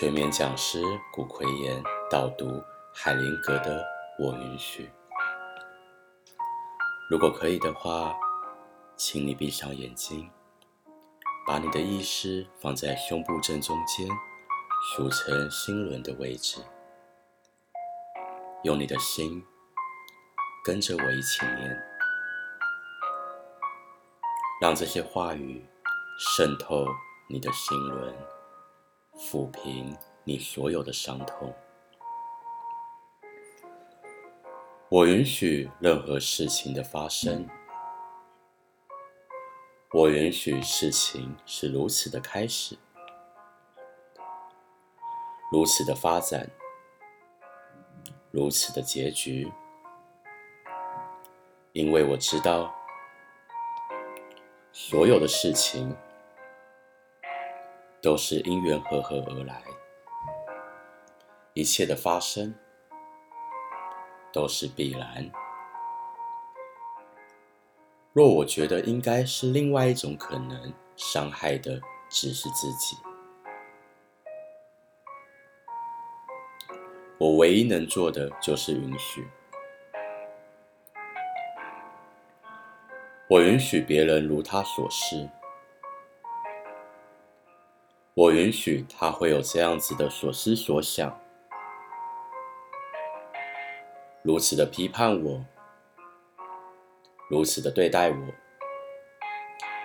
催眠講師古馗言導讀《海靈格的我允許》。如果可以的話，請你閉上眼睛，把你的意識放在胸部正中間，數成心輪的位置。用你的心跟着我一起念，讓這些話語滲透你的心輪。撫平你所有的傷痛。我允許任何事情的發生。我允許事情是如此的開始，如此的發展，如此的結局，因為我知道所有的事情，都是因緣和合而來，一切的發生都是必然。若我覺得應該是另外一種可能，傷害的只是自己，我唯一能做的就是允許。我允許別人如他所是。我允許他會有這樣子的所思所想，如此的批判我，如此的對待我，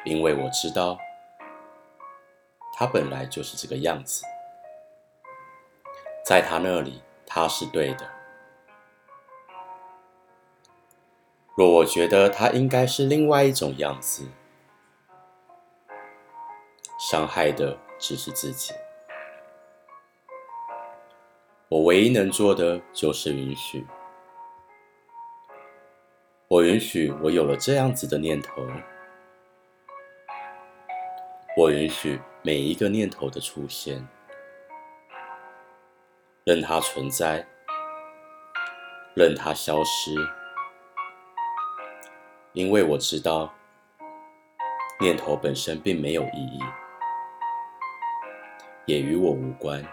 因為我知道他本來就是這個樣子，在他那裡他是對的。若我覺得他應該是另外一種樣子，傷害的。只是自己，我唯一能做的就是允許。我允許我有了這樣子的念頭，我允許每一個念頭的出現，任它存在，任它消失，因為我知道，念頭本身並沒有意義。也與我無關，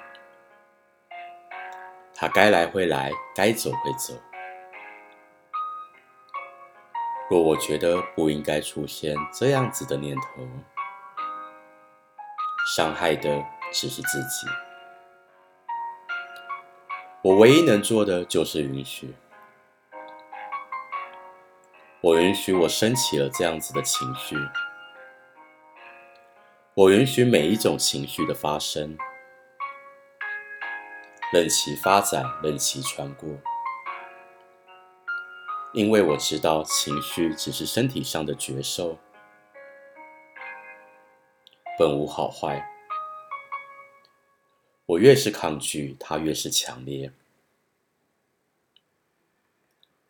它該來會來，該走會走。若我覺得不應該出現這樣子的念頭，傷害的只是自己。我唯一能做的就是允許。我允許我升起了這樣子的情緒。我允許每一種情緒的發生，任其發展，任其穿過，因為我知道情緒只是身體上的覺受，本無好壞。我越是抗拒，它越是強烈。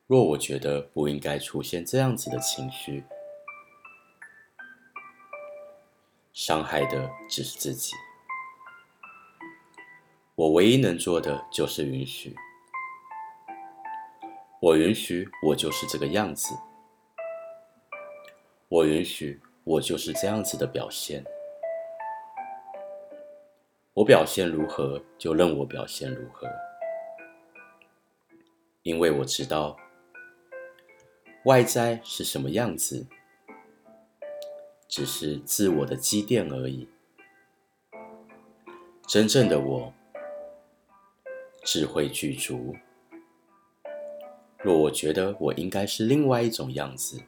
若我覺得不應該出現這樣子的情緒。傷害的只是自己。我唯一能做的就是允許。我允許我就是這個樣子。我允許我就是這樣子的表現。我表現如何就任我表現如何，因為我知道外在是什麼樣子。只是自我的積澱而已。真正的我，智慧具足。若我覺得我應該是另外一種樣子，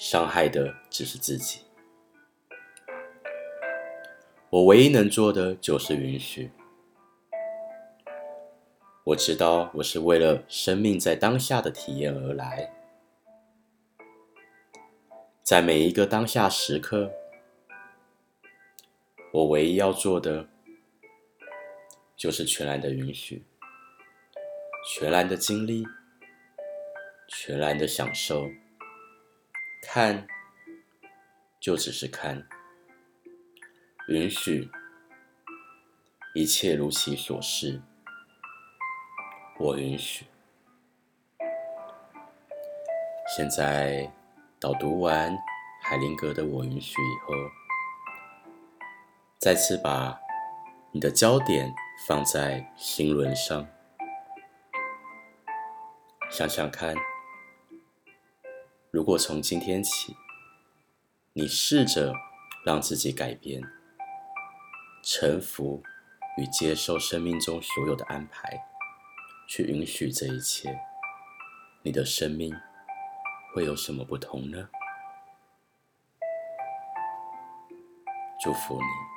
傷害的只是自己。我唯一能做的就是允許。我知道我是為了生命在當下的體驗而來。在每一個當下時刻，我唯一要做的就是全然的允許，全然的經歷，全然的享受。看，就只是看。允許，一切如其所是，我允許。現在。早讀完海靈格的《我允許》以後，再次把你的焦點放在心輪上，想想看，如果從今天起，你試着讓自己改變，臣服與接受生命中所有的安排，去允許這一切，你的生命。會有什麼不同呢？祝福你。